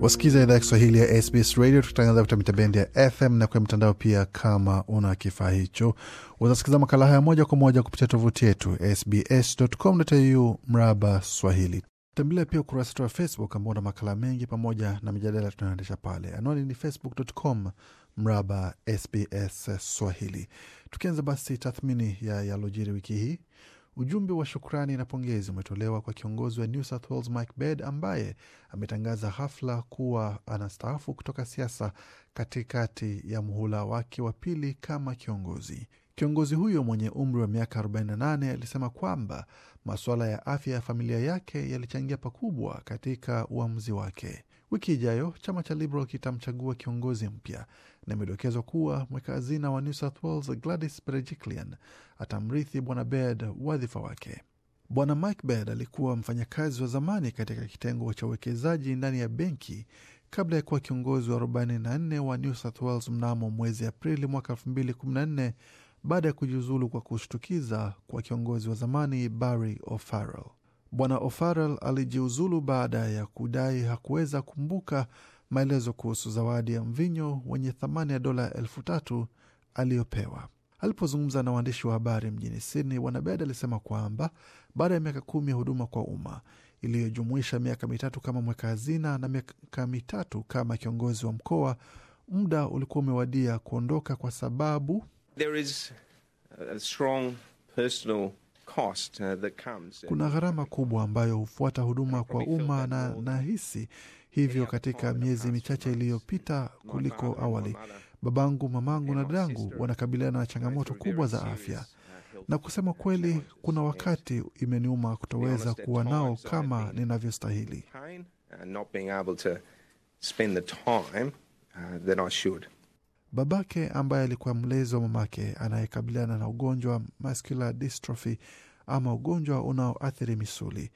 Wasikiza idhaa ya Kiswahili ya SBS Radio, tukitangaza kupitia mitabendi ya FM na kwenye mtandao pia. Kama una kifaa hicho, utasikiza makala haya moja kwa moja kupitia tovuti yetu sbs.com.au mraba Swahili. Tembelea pia ukurasa wetu wa Facebook ambao una makala mengi pamoja na mijadala tunayoendesha pale. Anwani ni facebook.com mraba SBS Swahili. Tukianza basi tathmini ya yalojiri wiki hii. Ujumbe wa shukrani na pongezi umetolewa kwa kiongozi wa New South Wales Mike Baird ambaye ametangaza hafla kuwa anastaafu kutoka siasa katikati ya mhula wake wa pili kama kiongozi. Kiongozi huyo mwenye umri wa miaka 48 alisema kwamba masuala ya afya ya familia yake yalichangia pakubwa katika uamuzi wake. Wiki ijayo chama cha Liberal kitamchagua kiongozi mpya, na imedokezwa kuwa mweka hazina wa New South Wales Gladys Berejiklian atamrithi Bwana Baird wadhifa wake. Bwana Mike Baird alikuwa mfanyakazi wa zamani katika kitengo cha uwekezaji ndani ya benki kabla ya kuwa kiongozi wa 44 wa New South Wales mnamo mwezi Aprili mwaka 2014 baada ya kujiuzulu kwa kushtukiza kwa kiongozi wa zamani Barry O'Farrell. Bwana O'Farrell alijiuzulu baada ya kudai hakuweza kumbuka maelezo kuhusu zawadi ya mvinyo wenye thamani ya dola elfu tatu aliyopewa. Alipozungumza na waandishi wa habari mjini Sydney, Wanabed alisema kwamba baada ya miaka kumi ya huduma kwa umma iliyojumuisha miaka mitatu kama mweka hazina na miaka mitatu kama kiongozi wa mkoa, muda ulikuwa umewadia kuondoka kwa sababu There is a strong personal cost, uh, that comes. Kuna gharama kubwa ambayo hufuata huduma kwa umma na nahisi hivyo katika miezi michache iliyopita kuliko awali. Babangu, mamangu na dadangu wanakabiliana na changamoto kubwa za afya, uh, na kusema uh, kweli, kuna wakati imeniuma kutoweza kuwa nao kama ninavyostahili. Babake ambaye alikuwa mlezi wa mamake anayekabiliana na ugonjwa muscular dystrophy ama ugonjwa unaoathiri misuli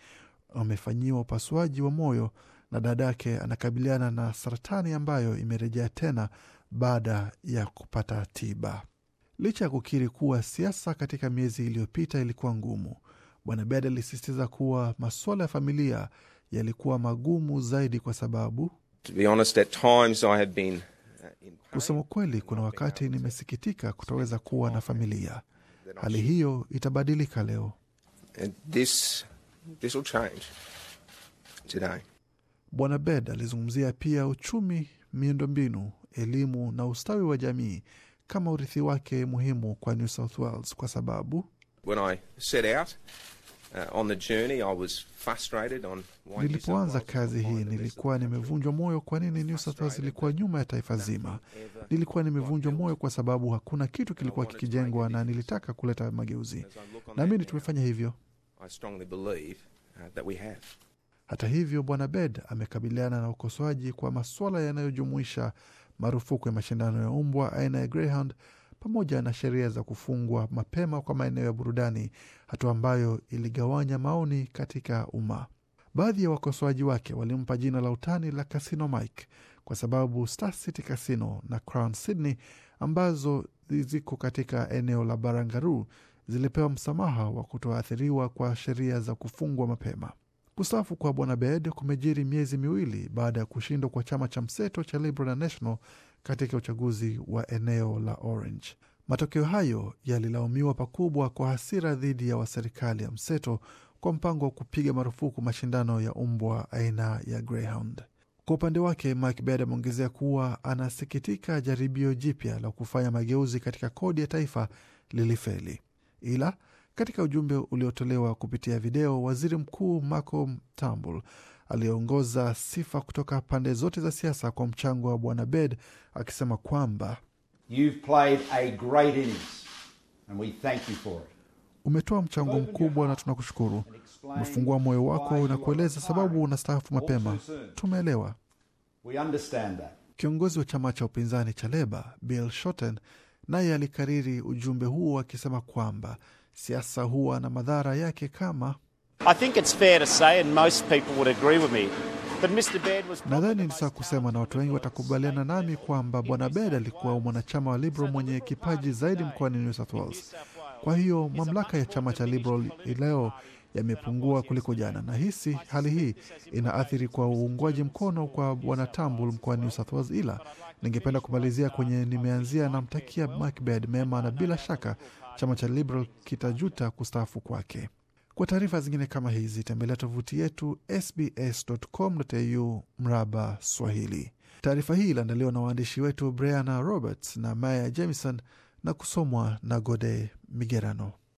amefanyiwa upasuaji wa moyo na dadake anakabiliana na saratani ambayo imerejea tena baada ya kupata tiba. Licha ya kukiri kuwa siasa katika miezi iliyopita ilikuwa ngumu, Bwana Bed alisisitiza kuwa masuala ya familia yalikuwa magumu zaidi kwa sababu to be honest, at times I have been Kusema kweli kuna wakati nimesikitika kutoweza kuwa na familia. Hali hiyo itabadilika leo. Bwana Bed alizungumzia pia uchumi, miundombinu, elimu na ustawi wa jamii kama urithi wake muhimu kwa New South Wales kwa sababu When I set out, Uh, Nilipoanza kazi hii nilikuwa nimevunjwa moyo. Kwa nini New South Wales ilikuwa nyuma ya taifa zima? Nilikuwa nimevunjwa moyo kwa sababu hakuna kitu kilikuwa kikijengwa, na nilitaka kuleta mageuzi. Naamini tumefanya hivyo. Uh, Hata hivyo, Bwana Bed amekabiliana na ukosoaji kwa masuala yanayojumuisha marufuku ya mashindano ya umbwa aina ya Greyhound pamoja na sheria za kufungwa mapema kwa maeneo ya burudani, hatua ambayo iligawanya maoni katika umma. Baadhi ya wakosoaji wake walimpa jina la utani la Casino Mike kwa sababu Star City Casino na Crown Sydney ambazo ziko katika eneo la Barangaroo zilipewa msamaha wa kutoathiriwa kwa sheria za kufungwa mapema. Kustafu kwa Bwana Bed kumejiri miezi miwili baada ya kushindwa kwa chama cha mseto cha Liberal na National katika uchaguzi wa eneo la Orange. Matokeo hayo yalilaumiwa pakubwa kwa hasira dhidi ya waserikali ya mseto kwa mpango wa kupiga marufuku mashindano ya umbwa aina ya Greyhound. Kwa upande wake, Mike Bed ameongezea kuwa anasikitika jaribio jipya la kufanya mageuzi katika kodi ya taifa lilifeli, ila katika ujumbe uliotolewa kupitia video, waziri mkuu Malcolm Turnbull aliongoza sifa kutoka pande zote za siasa kwa mchango wa bwana Bed akisema kwamba umetoa mchango mkubwa na tunakushukuru. Umefungua moyo wako na kueleza sababu unastaafu mapema. Tumeelewa. Kiongozi wa chama cha upinzani cha Leba Bill Shorten naye alikariri ujumbe huo akisema kwamba siasa huwa na madhara yake kama Nadhani ni saa kusema na watu wengi watakubaliana nami kwamba Bwana Bed alikuwa mwanachama wa Liberal mwenye kipaji zaidi mkoani New South Wales. Kwa hiyo mamlaka ya chama cha Liberal leo yamepungua kuliko jana. Nahisi hali hii inaathiri kwa uungwaji mkono kwa Bwana Tambul mkoani New South Wales, ila ningependa kumalizia kwenye nimeanzia. Namtakia Macbeth mema na bila shaka chama cha Liberal kitajuta kustaafu kwake. Kwa taarifa zingine kama hizi tembelea tovuti yetu sbs.com.au mraba Swahili. Taarifa hii iliandaliwa na waandishi wetu Briana Roberts na Maya Jameson na kusomwa na Gode Migerano.